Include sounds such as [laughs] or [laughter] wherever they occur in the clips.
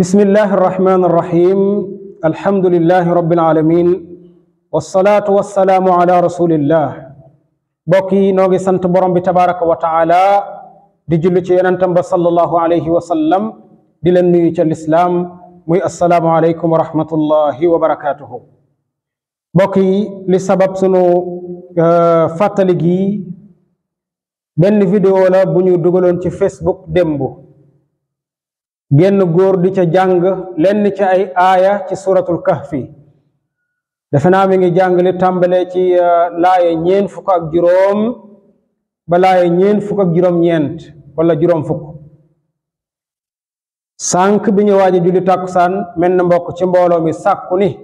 بسم الله الرحمن الرحيم الحمد لله رب العالمين والصلاة والسلام على رسول الله bokk yi noo ngi sant borom bi tabaraka wa taala di julli ci yonentam ba sallallahu alayhi wa sallam di leen nuyu ca lislaam muy assalaamu aleykum wa rahmatullahi wa barakaatuhu bokk yi li sabab sunu euh, fàttali gi benn vidéo la bu ñu ci Facebook démb génn góor di ca jàng lenn ci ay aaya ci suratul kahfi defe naa mi ngi jàng li tàmbalee ci uh, laaye ñeen fukk ak juróom ba laaye ñeen fukk ak ñeent wala juróom fukk sànq bi ñu waaja julli tàkkusaan mel na mbokk ci mbooloo mi sàkku ni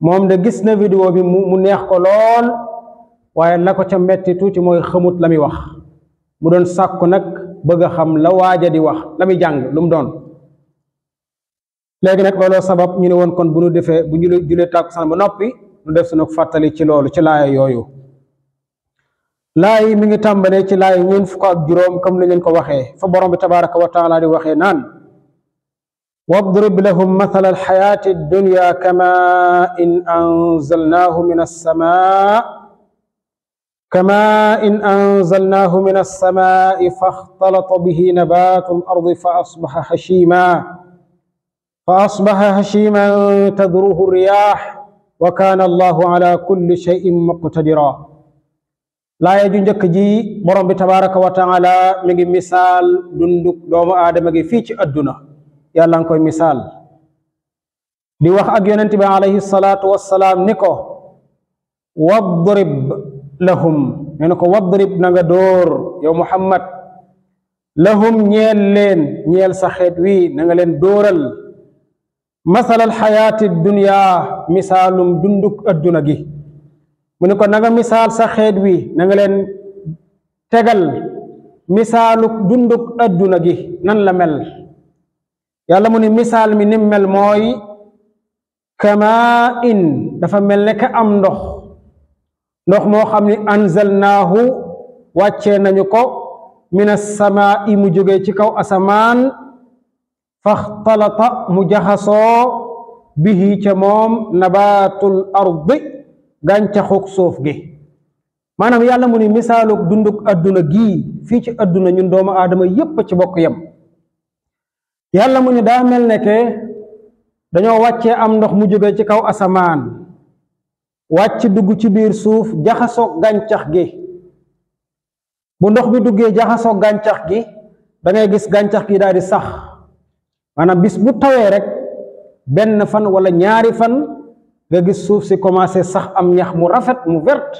moom de gis na vidéo bi mu neex ko lool waaye la ko ca metti tuuti mooy xamut la muy wax mu doon sàkku nag bëgg a xam la waaja di wax la muy jàng lu mu doon léegi nag looloo sabab ñu ne woon kon bu ñu defee bu ñu julee tàkkusaan ba noppi ñu def suñu fàttali ci loolu ci laaya yooyu laay mi ngi tàmbalee ci laay ñeent fukk ak juróom comme ni leen ko waxee fa borom bi tabaraka wa taala di waxee naan واضرب لهم مثل الحياة الدنيا كماء إن أنزلناه من السماء كما إن أنزلناه من السماء فاختلط به نبات الأرض فأصبح حشيما فأصبح هشيما تذروه الرياح وكان الله على كل شيء مقتدرا laaya ju njëkk ji borom bi tabaraka wa taala mi ngi misaal dunduk doomu aadama gi fii ci adduna yàlla nga koy misaal di wax ak yonent bi alayhi salaatu wassalaam ni ko wadrib lahum nee ko wadrib na door dóor yow muhammad lahum ñeel leen ñeel saxeet wi na leen dooral masalal xayaati dunya misaalum dunduk adduna gi mu ne ko na nga misaal sa xeet wi na leen tegal misaaluk dunduk adduna gi nan la mel yàlla mu ne misaal mi nim mel mooy kamaa in dafa mel ne ka am ndox ndox moo xam ni anzalnaahu wàcce nañu ko min assamaa'i mu jóge ci kaw asamaan faxtalata mu jaxasoo bihi ca moom nabaatul ardi gàncaxug suuf gi maanaam yàlla mu ni misaalug dunduk adduna gii fii ci adduna ñu doomu aadama yépp ci bokk yam yàlla mu ni daa mel ne ke dañoo wàcce am ndox mu jóge ci kaw asamaan wàcc dugg ci biir suuf jaxasoo gàncax gi bu ndox bi duggee jaxasoo gàncax gi da ngay gis gàncax gi daal di sax maanaam bis bu tawee rek benn fan walla ñaari fan nga gis suuf si commencé sax am ñax mu rafet mu vert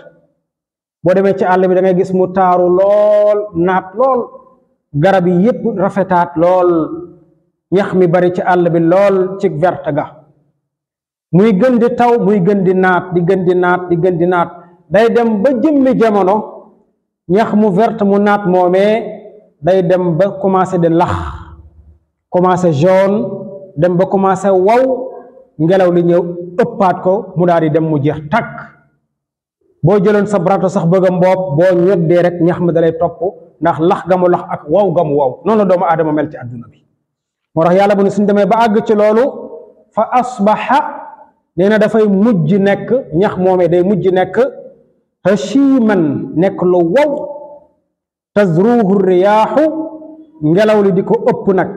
boo demee ci àll bi da gis mu taaru lool naat lool garab yi yépp rafetaat lool ñax mi bari ci àll bi lool ci vert ga muy gën di taw muy gën di naat di gën di naat di gën di naat day dem ba jëmmi jamono ñax mu verte mu naat moomee day dem ba commencé di lax commencé jaune dem ba commencé waw ngelaw li ñëw ëppaat ko mu daal di dem mu jeex takk boo jëloon sa brato sax bëgg a mboob boo ñoddee rek ñax mi dalay topp ndax lax gamu lax ak waw ga mu noonu la doomu aadama mel ci adduna bi moo tax yàlla bu ne suñ demee ba àgg ci loolu fa asbaxa nee na dafay mujj nekk ñax moomee day mujj nekk hashiman nekk lu wow tazruhu riyaaxu ngelaw li di ko ëpp nag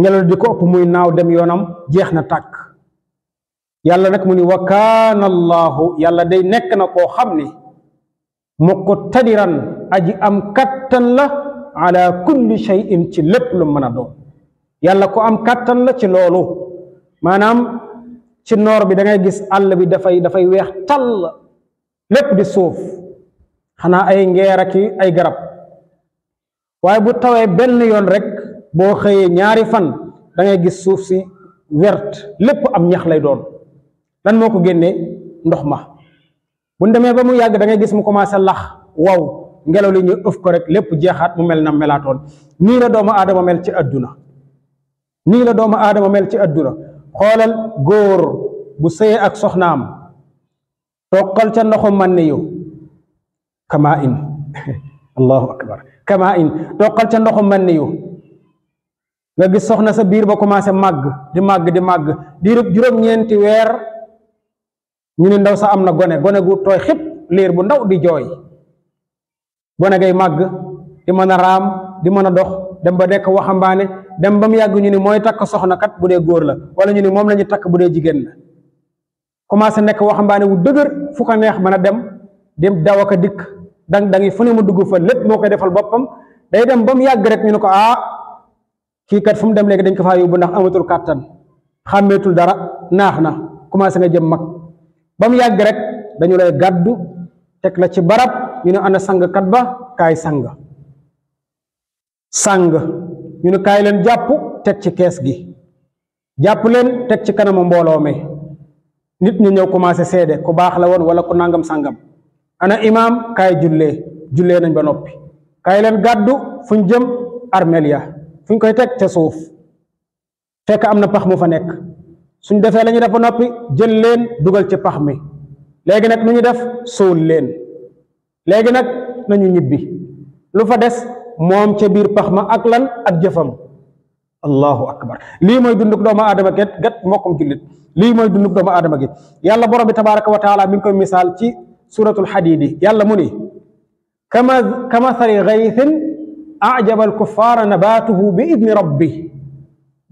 ngelaw li di ko ëpp muy naaw dem yoonam jeex na tàkk yàlla nag mu ni wa kaana yàlla day nekk na koo xam ni mu ko tadiran aji am kattan la ala kulli shay'in ci lépp lu mën a doon yàlla ko am kattan la ci loolu maanaam ci noor bi dangay gis àll bi dafay dafay weex tàll lépp di suuf xanaa ay ngeer ay garab waaye bu tawee benn yoon rek boo xëyee ñaari fan dangay gis suuf si wert lépp am ñax lay doon lan moo ko génnee ndox ma bu demee ba mu yàgg dangay gis mu commencé lax wow ngelaw li ñu ëf ko rek lépp jeexaat mu mel na melaatoon nii la doomu aadama mel ci adduna nii la doomu aadama mel ci adduna xoolal góor bu sëyee ak soxnaam toqal ca ndoxu mànni yu kamaa in [laughs] allahu akbar kamaa in toqal ca ndoxu mànni yu nga gis soxna sa biir ba commencé màgg di màgg di màgg diirub juróom-ñeenti weer ñu ne ndaw sax am na gone gone gu tooy xip liir bu ndaw di jooy gone gay màgg di mën a raam di mën a dox dem ba nekk waxambaane dem ba mu yàgg ñu ne mooy takk soxna kat bu dee góor la wala ñu ne moom la ñu takk bu dee jigéen la commencé nekk waxambaane wu dëgër fu ko neex mën a dem dem daw ak a dikk dang dangi fu ne mu dugg fa lépp moo koy defal boppam day dem ba mu yàgg rek ñu ne ko ah kii kat fu mu dem léegi dañ ko faa yóbbu ndax amatul kàttan xàmmeetul dara naax na commencé nga jëm mag ba mu yàgg rek dañu lay gàddu teg la ci barab ñu ne ana sang kat ba kaay sang sang ñu ne kaay leen jàpp teg ci kees gi jàpp leen teg ci kanamu mbooloo mi nit ñu ñëw commencé seede ku baax la woon wala ku nangam sangam ana imaam kaay jullee jullee nañ ba noppi kaay leen gàddu fu ñu jëm armeel ya fu ñu koy teg te suuf fekk am na pax mu fa nekk suñ defee la ñu def ba noppi jël leen dugal ci pax mi léegi nag nu ñu def suul leen léegi nag nañu ñibbi lu fa des moom ca biir pax ma ak lan ak jëfam allahu akbar lii mooy dunduk doomu aadama gat gat mbokkum jullit lii mooy dunduk doomu aadama gi yàlla borom bi tabaraka wa taala mi ngi koy misaal ci suratul xadiidi yàlla mu ni kama kamasali gaythin ajaba alkuffaara nabaatuhu bi idni rabbi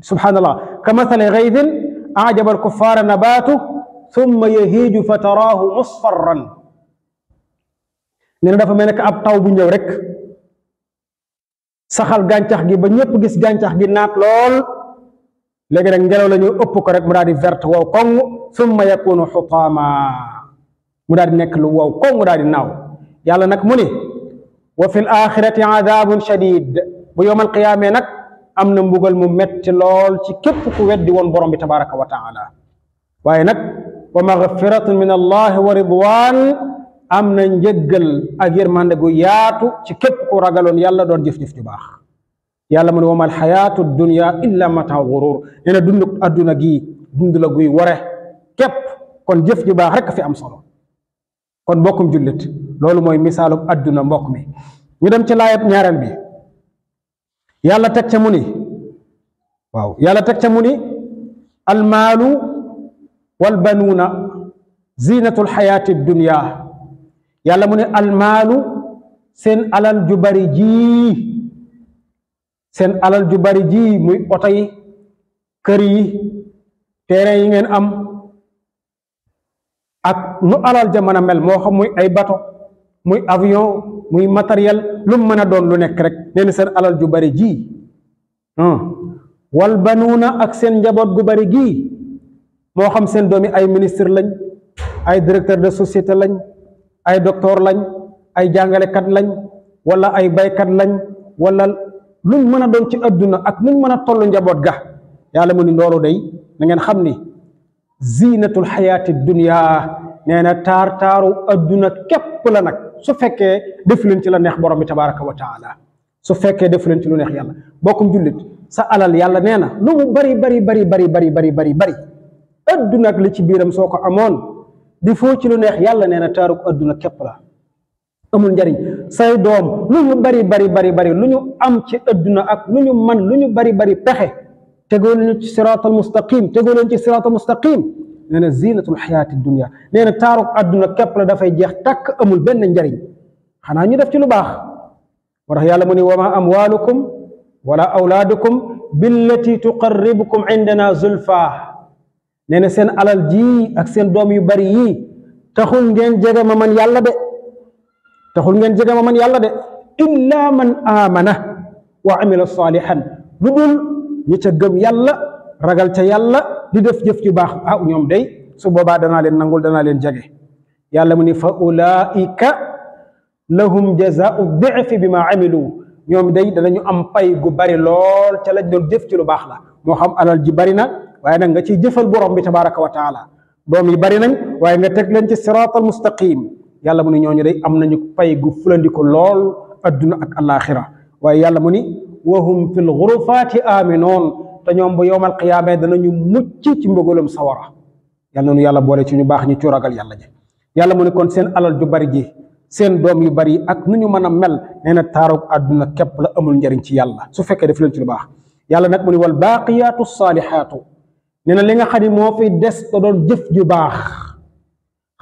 subhaanallah kamasali gaythin ajaba alkuffaara nabaatuhu summa yahiiju fa taraahu musfarran nee na dafa mel ne ab taw bu ñëw rek saxal gàncax gi ba ñëpp gis gàncax gi naat lool léegi nag ngelaw la ñu ëpp ko rek mu daal di verte wow koŋ summa yakunu xutaama mu daal di nekk lu wow koŋ mu daal di naaw yàlla nag mu ne wa fil axirati adabun shadid bu yowmal qiyaamee nag am na mbugal mu metti lool ci képp ku weddi woon borom bi tabaraka wa taala waaye nag wa magfiratun min allah wa ridwan am na njëggal ak yërmande gu yaatu ci képp ku ragaloon yàlla doon jëf-jëf ju baax yàlla mu ne wama alxayaatu dunya illa mata gurur nee na dund adduna gii dund guy ware képp kon jëf ju baax rek fi am solo kon mbokkum jullit loolu mooy misaalub adduna mbokk mi ñu dem ci laayab ñaareel bi yàlla teg ca muni waaw yàlla teg ca mu ni almaalu walbanuuna ziinatul xayaati dunya yàlla mu ne almaalu seen alal ju bari jii seen alal ju bari jii muy oto kër yi terrain yi ngeen am ak nu alal ja mel moo xam muy ay bato muy avion muy matériel lu mu mën a doon lu nekk rek nee seen alal ju bari ji hmm. wal banuuna ak seen njaboot gu bari gii moo xam seen doomi ay ministre lañ ay directeur de société lañ ay docteur lañ ay jàngalekat lañ wala ay baykat lañ wala lu mën a doon ci adduna ak luñ mën a toll njaboot ga yàlla mu ni loolu day na ngeen xam ni ziinatul xayaati dunya nee na taar taaru adduna képp la nag su fekkee def leen ci la neex borom bi tabaraka wa taala su fekkee def leen lu neex yàlla bokkum jullit sa alal yàlla nee na lu mu bari bari bari bari bari bari bari bari adduna ak li ci biiram soo ko amoon bi foo ci lu neex yàlla nee na taaruk adduna képp la amul njariñ say doom lu ñu bari bari bari bari lu ñu am ci adduna ak lu ñu man lu ñu bari bari pexe tegoo leen ci siraatal mustaqim tegoo leen ci siraatal mustaqim nee na ziinatul xayaati dunia nee na taaruk adduna képp la dafay jeex tàkk amul benn njariñ xanaa ñu def ci lu baax moo tax yàlla mu ne wama amwaalukum nee na seen alal ji ak seen doom yu bari yii taxul ngeen jege ma man yàlla de taxul ngeen jege ma man yàlla de illa man aamana wa amila saalihan lu dul ñi ca gëm yàlla ragal ca yàlla du def jëf ju baax ah ñoom day su boobaa danaa leen nangul danaa leen jege yàlla mu ni fa ulaika lahum jazaau difi bi ma amilu ñoom day danañu am pay gu bari lool ca lañ doon jëf ci lu baax la moo xam alal ji bari na waaye nag nga ciy jëfal borom bi tabaraka wa taala doom yi bari nañ waaye nga teg leen ci siraatal mustaqim yàlla mu ni ñooñu de am nañu pay gu fulandiku lool adduna ak alaxira waaye yàlla mu ni wahum fil gurufaati aaminoon te ñoom bu yowmal qiyaama danañu mucc ci mbugalum sawara yàlla noonu yàlla boole ci ñu baax ñi ci ragal yàlla ji yàlla mu ni kon seen alal ju bari ji seen doom yu bari ak nu ñu mën a mel nee na taarug képp la amul njariñ ci yàlla su fekkee def leen ci lu baax yàlla nag mu ni wal baaqiyaatu saalihaatu nena na li nga xam ne moo fi des te doon jëf ju baax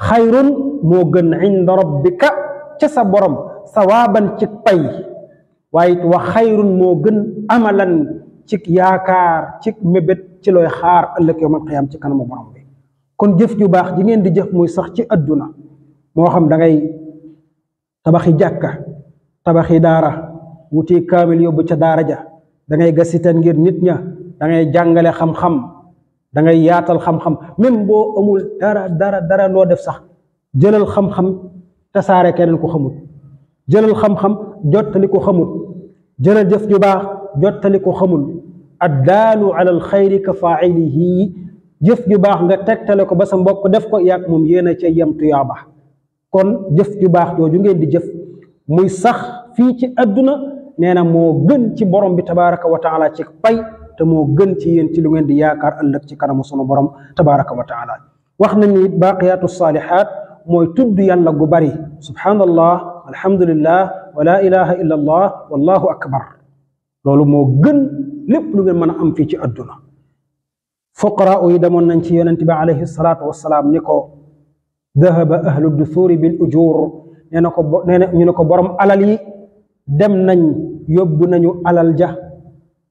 xayrun moo gën inda rabbika ca sa borom sawaaban ci pay waaye it wa moo gën amalan yaakaar ci mébét ci looy xaar ëllëg yawmal qiyaam ci kanamu borom bi kon jëf ju baax ji ngeen di jëf muy sax ci adduna moo xam dangay ngay tabaxi jàkka tabaxi daara wuti kaamil yóbbu ca daara ja dangay ngay ngir nit ña dangay jàngale xam-xam da ngay yaatal xam-xam même boo amul dara dara dara loo def sax jëlal xam-xam tasaare keneen ko xamul jëlal xam-xam jottali ko xamul jëlal jëf ju baax jottali ko xamul addaalu ala alxayri ka failihi jëf ju baax nga tegtale ko ba sa mbokk def ko yàgg moom yéen a ca yem tuyaaba kon jëf ju baax jooju ngeen di jëf muy sax fii ci adduna nee na moo gën ci borom bi tabaraka wa taala ci pay te moo gën ci yéen ci lu ngeen di yaakaar ëllëg ci kanamu sunu borom tabaraka wa taala wax nañ ni baaqiyaatu saalihaat mooy tudd yàlla gu bari subhanallah alhamdulillah wa la ilaha illa allah wallahu akbar loolu moo gën lépp lu ngeen mën a am fii ci adduna fuqara yi demoon nañ ci yonente bi alayhi salaatu salaam ni ko dahaba ahlu dusuuri bil ujur nee na ko ñu ne borom alal yi dem nañ yóbbu nañu alal ja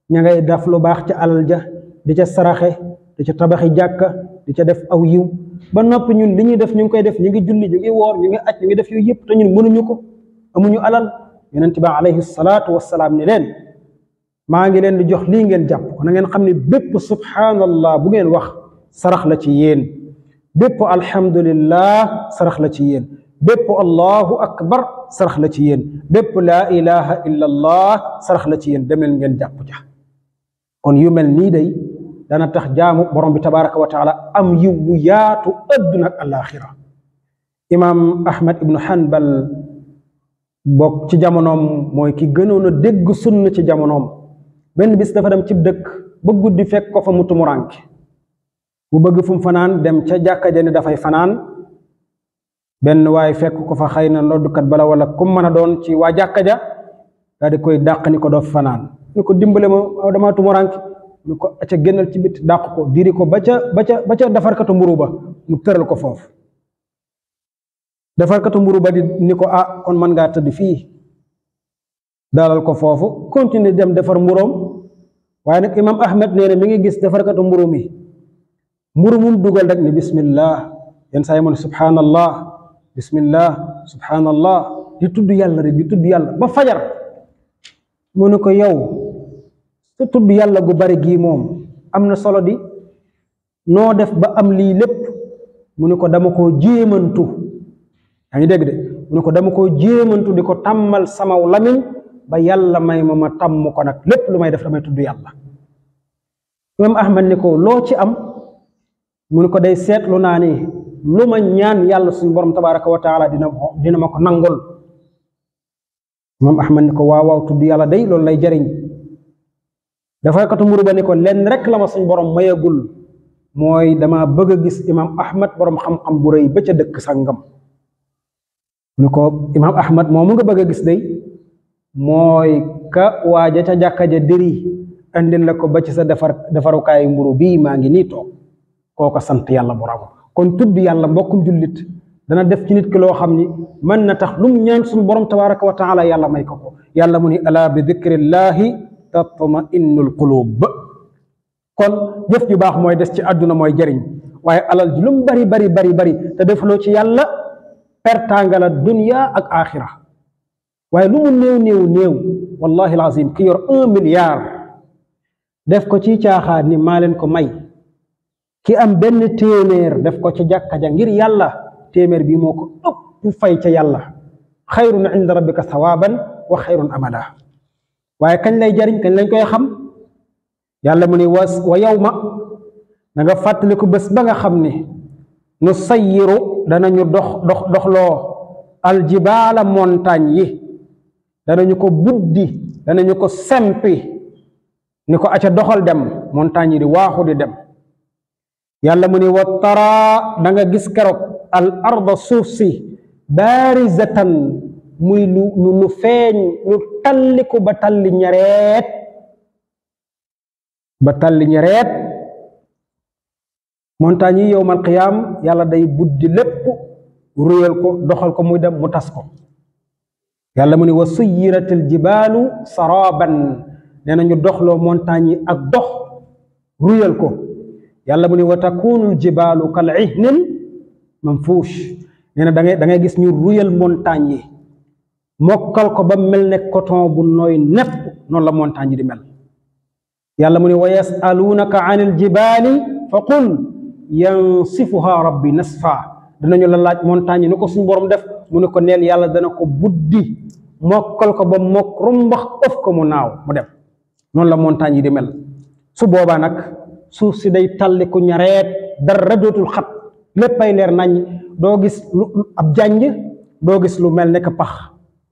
ña ngay def lu baax ca alal ja di ca saraxe di ca tabaxi jàkka di ca def aw yiw ba noppi ñun li ñuy def ñu ngi koy def ñu ngi julli ñu ngi woor ñu ngi aj ñu ngi def yooyu yëpp te ñun mënuñu ko amuñu alal yonent ba alayhi salaatu wasalaam ni leen maa ngi leen di jox lii ngeen jàpp na ngeen xam ne bépp subhanallah bu ngeen wax sarax la ci yéen bépp alhamdulillah sarax la ci yéen bépp allahu akbar sarax la ci yéen bépp laa ilaha illa sarax la ci yéen demel ngeen jàpp ja kon yu mel nii day dana tax jaamu borom bi tabaraka wa taala am yiw yaatu adduna ak alaxira imaam ahmad ibnu hanbal bokk ci jamonoom mooy ki gënoon dégg sunna ci jamonoom benn bis dafa dem cib dëkk ba guddi fekk ko fa mu tumuranke bu bëgg fu fanaan dem ca jàkka ja ne dafay fanaan benn waaye fekk ko fa xay na noddukat bala wala kum mën a doon ci waa jàkka ja daal di koy dàq ni ko doo fanaan ni ko dimbale ma damaa tumuranke ni ko acca génnal ci bit dàq ko diri ko ba ca ba ca ba ca defarkatu mburu ba mu tëral ko foofu defarkatu mburu ba ni ko ah kon mën ngaa tëdd fii dalal ko foofu continuer dem defar mburoom waaye nag imam ahmed nee na mi ngi gis defarkatu mburu mi mburu mum dugal rek ni bismillah yenn saa yi mu ne subhanallah bismillah subhanallah di tudd yàlla rek di tudd yàlla ba fajar mu ne ko yow su tudd yàlla gu bari gii moom am na solo di noo def ba am lii lépp mu ne ko dama koo jéemantu yaa ngi dégg de ko dama koo jéemantu di ko tàmmal samaw lamiñ ba yàlla may ma ma tàmm ko nag lépp lu may def damay tudd yàlla imaam ahmad ni ko loo ci am mu ne ko day seetlu naa ni lu ma ñaan yàlla suñu borom tabaaraka wa taala dina dina ma ko nangul moom Ahmad ni ko waaw waaw tudd yàlla day loolu lay jariñ dafa katu mburu ba ni ko lenn rek la ma suñ borom mayagul mooy dama bëgg a gis imaam Ahmad boroom xam-xam bu rëy ba ca dëkk sangam ni ko imaam Ahmad moo mu nga bëgg a gis day mooy ka waaja ca jàkka ja diri andil la ko ba ci sa defar defarukaayu mburu bii maa ngi nii toog koo ko sant yàlla borom kon tudd yàlla mbokkum jullit dana def ci nit kilo loo xam ni mën na tax lu mu ñaan suñu borom tabaraka wa taala yàlla may ko ko yàlla mu ni alaa bi dikrillahi tatma'innul qulub kon jëf ju baax mooy des ci àdduna mooy jariñ waaye alal bari bari bari bari te defloo ci yàlla pertanga la dunia ak axira waaye lu mu néew néew néew wallahi alazim ki yor milliard def ko ci caaxaan ni maa leen ko may ki am benn téeméer def ko ci jàkka ja ngir yàlla téeméer bi moo ko ëpp fay ca yàlla xayrun inda rabbika sawaban wa xayrun amala waaye kañ lay jariñ kañ lañ koy xam yàlla mu ne was wa yow ma danga nga fàttaliku bés ba nga xam ne nu sayiru danañu dox dox doxloo aljibaala montagne yi danañu ko buddi danañu ko sempi ni ko aca doxal dem montagne yi di waaxu di dem yàlla mu ne wa tara gis keroog al arda suuf si baarizatan muy lu lu feeñ lu talliku ba talli ñareet ba talli ñareet montagne yi yowmal qiyaam yàlla day buddi lépp ruyal ko doxal ko muy dem mu tas ko yàlla mu ne wa suyyiratil jibaalu saraban nee na ñu doxloo montagne yi ak dox ruyal ko yàlla mu ne wa takunul jibaalu kal ihnin manfuush nee na da da ngay gis ñu ruyal montagne yi mokkal ko ba mel ne koto bu nooy nepp noonu la montagne yi di mel yàlla mu ne wa yasaluunaka an il jibaali fa qul yansifuha rabbi nasfa danañu la laaj montagne yi nu ko suñu def mu ne ko neel yàlla dana ko buddi mokkal ko ba mokk ko mu naaw mu dem noonu la montagne yi nag suuf si day tàlli ñareet dara dootul xat ay leer nañ doo gis lu ab jànj doo gis lu mel ne que pax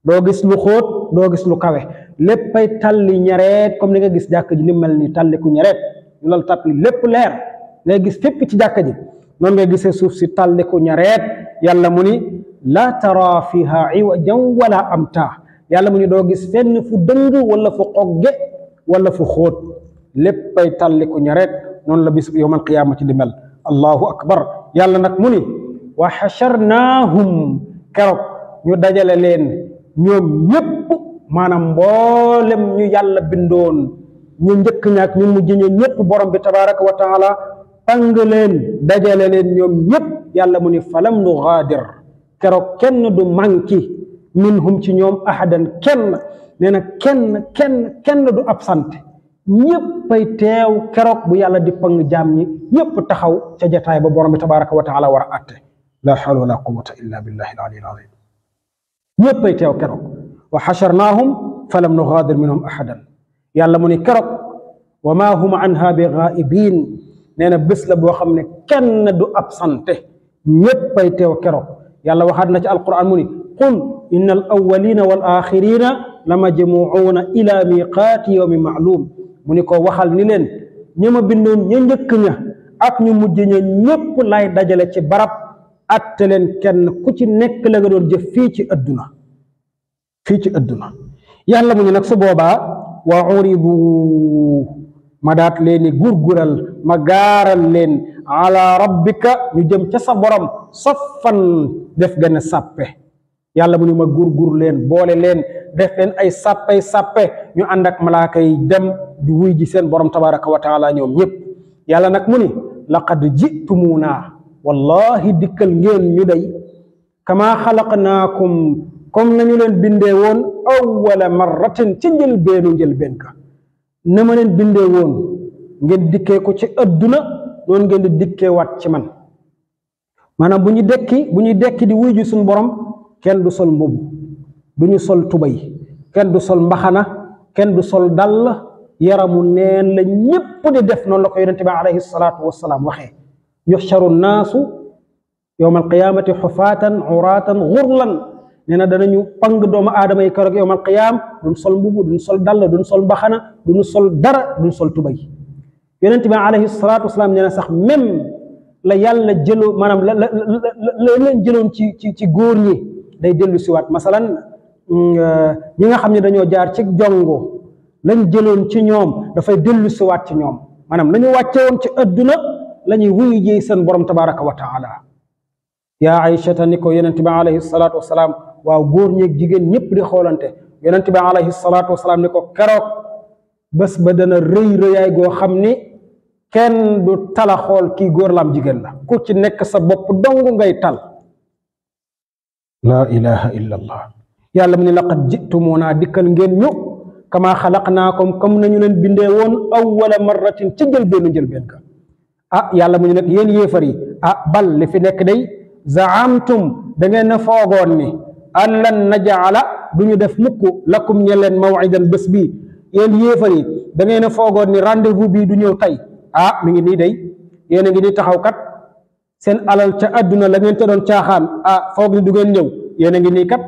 doo gis lu xóot doo gis lu kawe lépp léppay tàlli ñareet comme li nga gis jàkk ji ni mel ni talli ñu lal tappi lépp leer ngay gis fépp ci jàkk ji noonu ngay gisee suuf si talli ku ñareet yàlla mu ni laa tara fiha iwajan wala amta yàlla mu ni doo gis fenn fu dëng wala fu xogge wala fu xóot léppay talli ku ñareet noonu la bis yowmal qiyaama ci di mel allahu akbar yàlla nag mu ni wa xacharnaahum keroog ñu dajale leen ñoom ñépp maanaam mboolem ñu yàlla bindoon ñu njëkk ñaak ñu mujj ñu ñépp borom bi tabaraka wa taala tàng leen dajale leen ñoom ñépp yàlla mu ni falam nu gaadir keroog kenn du manki minhum ci ñoom ahadan kenn nee kenn kenn kenn du absente ñëppay teew keroog bu yàlla di pang jaam ñi ñëpp taxaw ca jataay ba borom bi tabaraka wa taala war a atte la hawla wala quwwata illa billahi al-ali al-azim ñëppay teew keroog wa xasharnaahum falam nugaadir minhum ahadan yàlla mu ni keroog wa maa hum anha bi gaaibin nee na bés la boo xam ne kenn du absenté ñëppay teew keroog yàlla waxaat na ci alquran mu ni qul inna al awalina wal la majmuuna ila miqaati yawmi maalum mu ni ko waxal ni leen ña ma bindoon ña njëkk ña ak ñu mujj ña ñépp lay dajale ci barab atte leen kenn ku ci nekk la nga doon jëf fii ci adduna fii ci adduna yàlla mu ñu nag su boobaa wa uribu ma daat leeni gurgural ma gaaral leen ala rabbika ñu jëm ca sa borom fan def gën a sàppe yàlla mu ñu ma gurgur leen boole leen def leen ay sàppe sàppe ñu ànd malaakay dem di wuy ji seen borom tabaraka wa taala ñoom ñëpp yàlla nag mu ni laqad jitumuunaa wallahi dikkal ngeen ñu dey kamaa xalaqnaakum comme nañu leen bindee woon awwala marratin ci njëlbeenu njëlbeen ka na ma leen bindee woon ngeen dikkee ko ci adduna noonu ngeen di dikkee waat ci man maanaam bu ñu dekki bu ñuy dekki di wuy ji suñu borom kenn du sol mbubb du ñu sol tubay kenn du sol mbaxana kenn du sol dàll yaramu neen la ñépp di def noonu la ko yonente bi alayhi salaatu wasalaam waxee yuxcharu nnaasu yowma alqiyaamati xufaatan uraatan xurlan nee na danañu pang doomu aadama yi keroog yowma alqiyaam duñ sol mbubu duñ sol dàll duñ sol mbaxana duñ sol dara duñ sol tubay yonente bi alayhi salaatu wasalaam nee na sax même la yàlla jëloo maanaam la la la leen jëloon ci ci ci góor ñi day dellu siwaat masalan Mm, euh, ñi nga xam ne dañoo jaar ci jongo lañ jëloon ci ñoom dafay dellu siwaat ci ñoom maanaam la ñu wàcce woon ci adduna lañuy ñuy wuyu seen borom tabaraka wa taala yaa aïchata ni ko yonent bi alayhi salaatu waaw góor ñeek jigéen ñëpp di xoolante yonent bi alayhi salaatu wasalaam ni ko keroog bés ba dana rëy rëyaay goo xam ni kenn du tala xool kii góor laam jigéen la ku ci nekk sa bopp dong ngay tal la ilaha illa yàlla mu ne laqad jitumuunaa dikkal ngeen ñu kamaa xalaqnaakum comme nañu leen bindee woon awwala marratin ci njëlbeenu njëlbeen ka ah, yàlla mu ne nag yéen yéefar yi ah bal fi nekk day zaamtum da ngeen na foogoon ni an lan najaala du ñu def mukk lakum ñe leen mawidan bés bii yéen yéefar yi da ngeen a foogoon ni rendez-vous du ñëw tey ah mu ngi nii day yéen a ngi nii taxaw kat seen alal ca àdduna la ngeen te doon caaxaan ah foog ni du ngeen ñëw yéen ngi nii kat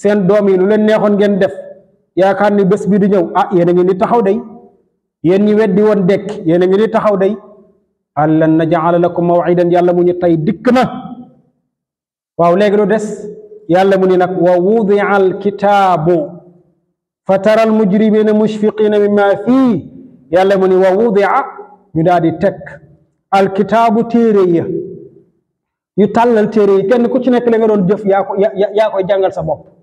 seen doom yi lu leen neexoon ngeen def yaakaar ni bés bi du ñëw ah yéen ngeen di taxaw day yéen ñi weddi woon dekk yéen a ngi ni taxaw day allan najala lakum yàlla mu ñu tey dikk na waaw léegi lu des yàlla mu ni nag wa wudia alkitaabu fa tara almujrimina mushfiqina mimma fii yàlla mu ni wa ñu daal di teg alkitaabu téere ya ñu tàllal téere yi kenn ku ci nekk la nga doon jëf yaa yaa koy jàngal sa bopp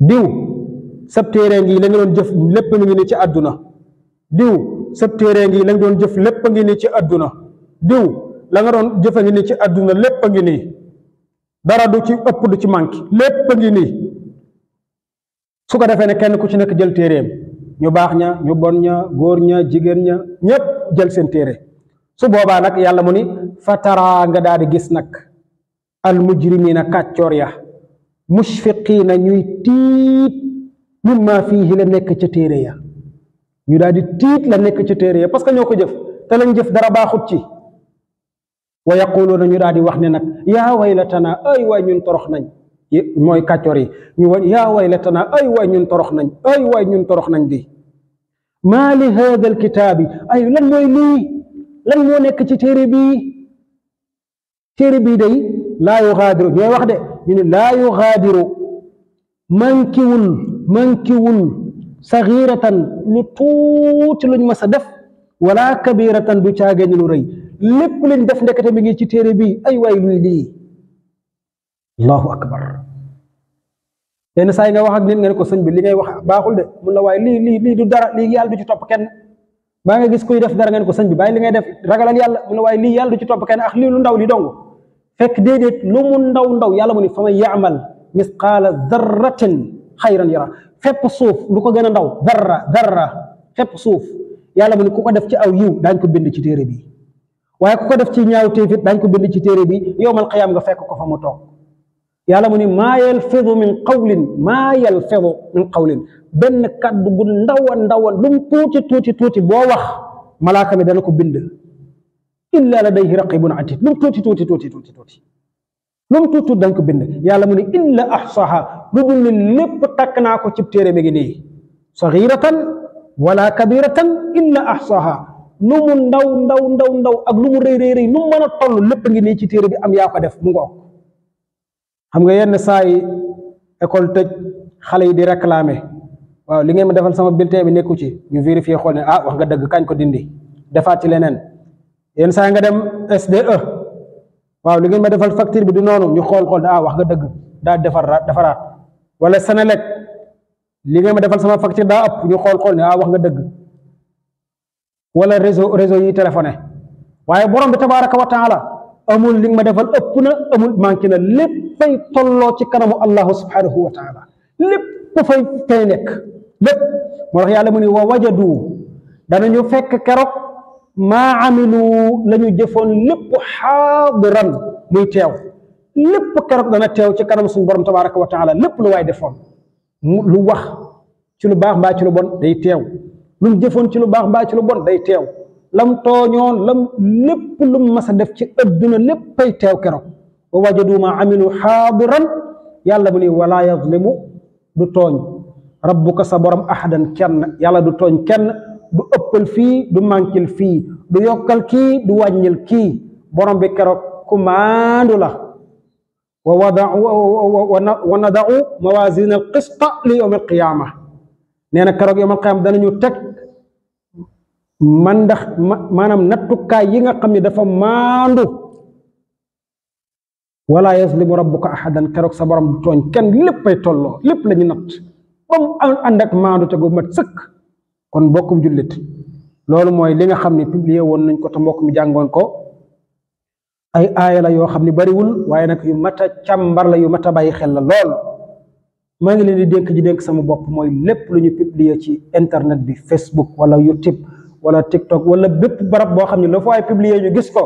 diw sab téere ngi la doon jëf lépp ngi ni ci àdduna diw sab téere ngi la doon jëf lépp ngi ni ci àdduna diw la doon jëf a ngi ni ci àdduna lépp ngi nii dara du ci ëpp du ci manqué lépp ngi nii su ko defee ne kenn ku ci nekk jël téereem ñu baax ña ñu bon ña góor ña jigéen ña ñépp jël seen téere su boobaa nag yàlla mu ni fataraa nga daal di gis nag al mujrimina kàccoor ya mushfiqiina ñuy tiit mimma fiihi la nekk ca téere ya ñu daal di tiit la nekk ci teere ya parce que ñoo ko jëf te lañ jëf dara baaxut ci wa yaquluuna ñu daal di wax ne nag yaa waylatanaa ay torox nañ mooy kàccor ñu wa yaa waylatanaa ay waay ñun torox nañ ay waay ñun nañ di maa li haada alkitaabi lan mooy lii lan moo nekk ci téere bi téere bi day laa yugaadiru ñooy wax de ne laa yugaadiru mankiwul mankiwul saxiiratan lu tuuti luñ mas a def wala kabiratan du caageen lu rëy lépp luñ def ndekete mi ngi ci téere bi ay way luy lii allahu akbar yenn saa yi nga wax nit nga ne ko sëñ bi li ngay wax baaxul de mun la waaye lii lii lii du dara lii yàlla du ci topp kenn baa nga gis kuy def dara nga ne ko sëñ bi bàyyi li ngay def ragalal yàlla mun la waaye lii yàlla du ci topp kenn ak lii lu ndaw li dong fekk déedéet lu ndaw ndaw yàlla mu ni fa man yaamal misqaala darratin xayran yara fépp suuf lu ko gën a ndaw darra darra fépp suuf yàlla mu ni ku ko def ci aw yiw daañ ko bind ci téere bi waaye ku ko def ci ñaaw téefit daañ ko bind ci téere bi yowmal qiyaam nga fekk ko fa mu toog yàlla mu ni maa yalfidu min qawlin maa yalfidu min qawlin benn kàddu gu ndawa ndawa lu tuuti tuuti tuuti boo wax malaaka mi dana ko bind illa ladayhi raqibun atid lu mu tuuti tuuti tuuti tuuti tuuti lu mu tuuti tuuti danga ko bind yàlla mu ne illa ahsaha lu dul ne takk naa ko cib téere mi ngi nii saxiratan wala kabiratan illa ahsaha lu mu ndaw ndaw ndaw ndaw ak lu mu rëy rëy rëy nu mu mën a toll lépp ngi nii ci téere bi am yaa def mu ngoog xam nga yenn saa yi école tëj xale yi di réclamer waaw li ngeen ma defal sama bulletin bi nekku ci ñu vérifié xool ne ah wax nga dëgg kañ ko dindi defaat ci leneen yenn saa nga dem SDE waaw li nga ma defal facture bi du noonu ñu xool xool ah wax nga dëgg daa defar defaraat wala Senelec li ngeen ma defal sama facture daa ëpp ñu xool xool ne ah wax nga dëgg wala réseau réseau yi téléphoné waaye borom bi tabaaraka wa taala amul li nga ma defal ëpp na amul manqué na lépp léppay tolloo ci kanamu allahu subhanahu wa taala lépp fay fay nekk lépp moo tax yàlla mu ne wa wajadu danañu fekk keroog. maa amilu la jëfoon lépp xaadiran muy teew lépp keroog dana teew ci kanam suñu borom tabaraka wa taala lépp lu waay defoon lu wax ci lu baax mbaa ci lu bon day teew lu jëfoon ci lu baax mbaa ci lu bon day teew lam tooñoon lam lépp lu mu mas a def ci adduna léppay teew keroog wa wajadu ma amilu xaadiran yàlla mu ni walaa yazlimu du tooñ rabbuka sa borom ahadan kenn yàlla du tooñ kenn ëppal fii du mànkil fii du yokkal kii du wàññil kii borom bi keroog kumaandu la wa wa nadau mawazin al qista li yawm al qiyaama nee na keroog yawm al qiyaama danañu teg man ndax maanaam nattukaay yi nga xam ne dafa maandu wala yazlimu rabbuka ahadan keroog sa borom tooñ kenn léppay tolloo lépp lañu ñu natt ba mu maandu te sëkk kon bokkum jullit loolu mooy li nga xam ni publié woon nañ ko te mbokk mi jàngoon ko ay aaya yoo xam ni bariwul waaye nag yu mat a càmbar la yu mat a bàyyi xel la lool maa ngi leen di dénk ji dénk sama bopp mooy lépp lu ñu publié ci internet bi Facebook wala YouTube wala TikTok wala bépp barab boo xam ne la fa ay publié ñu gis ko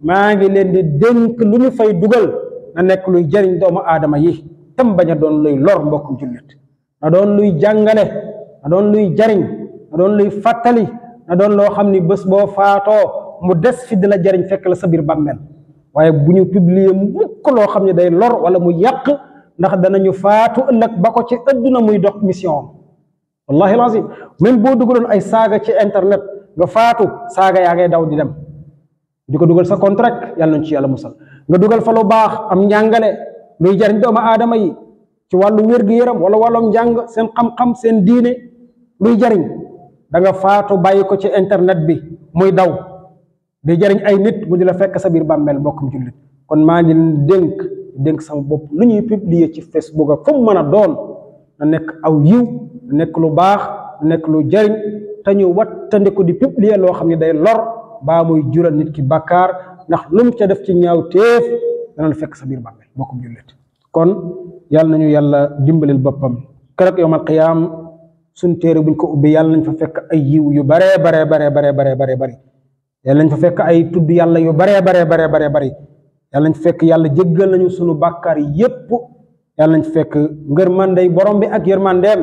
maa ngi leen di dénk lu ñu fay dugal na nekk luy jariñ doomu aadama yi tam bañ a doon luy lor mbokkum jullit na doon luy jàngale na doon luy jariñ doon luy fàttali na doon loo xam ni bés boo faatoo mu des fi di la jariñ fekk la sa biir bàmmeel waaye bu ñu publier mukk loo xam ne day lor wala mu yàq ndax ñu faatu ëllëg ba ko ci ëdduna muy dox mission am wallahi lazim même boo dugaloon ay saaga ci internet nga faatu saaga yaa ngay daw di dem di ko dugal sa contract yàlla nañ ci yàlla musal nga dugal fa lu baax am njàngale luy jariñ doomu aadama yi ci wàllu wér gi yaram wala wàllum njàng seen xam-xam seen diine luy jariñ da nga faatu bàyyi ko ci internet bi muy daw di jariñ ay nit mu di la fekk sa biir bàmmeel mbokkum jullit kon maa ngi dénk dénk sama bopp lu ñuy publier ci Facebook ak fu mu mën a doon na nekk aw yiw nekk lu baax nekk lu jariñ te ñu wattandiku di publier loo xam ne day lor baa muy jural nit ki bàkkaar ndax lu mu ca def ci ñaaw téef dana fekk sa biir bàmmeel mbokkum jullit kon yàlla nañu yàlla dimbalil boppam keroog yowmal qiyaam suñ téere buñ ko ubbi yàlla nañ fa fekk ay yiw yu baree bare baree baree baree baree bari yàlla fa fekk ay tudd yàlla yu baree baree baree baree bari yàlla nañ fa fekk yàlla jéggal nañu suñu bàkkaar yépp yàlla nañ fa fekk ngërmandey borom bi ak yërmandeem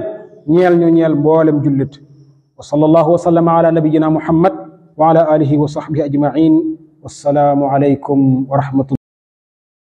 ñeel ñu ñeel mboolem jullit wa sallallahu wa sallama ala nabiyina muhammad wa ala alihi wa sahbihi ajmain wassalaamu alaykum wa rahmatullah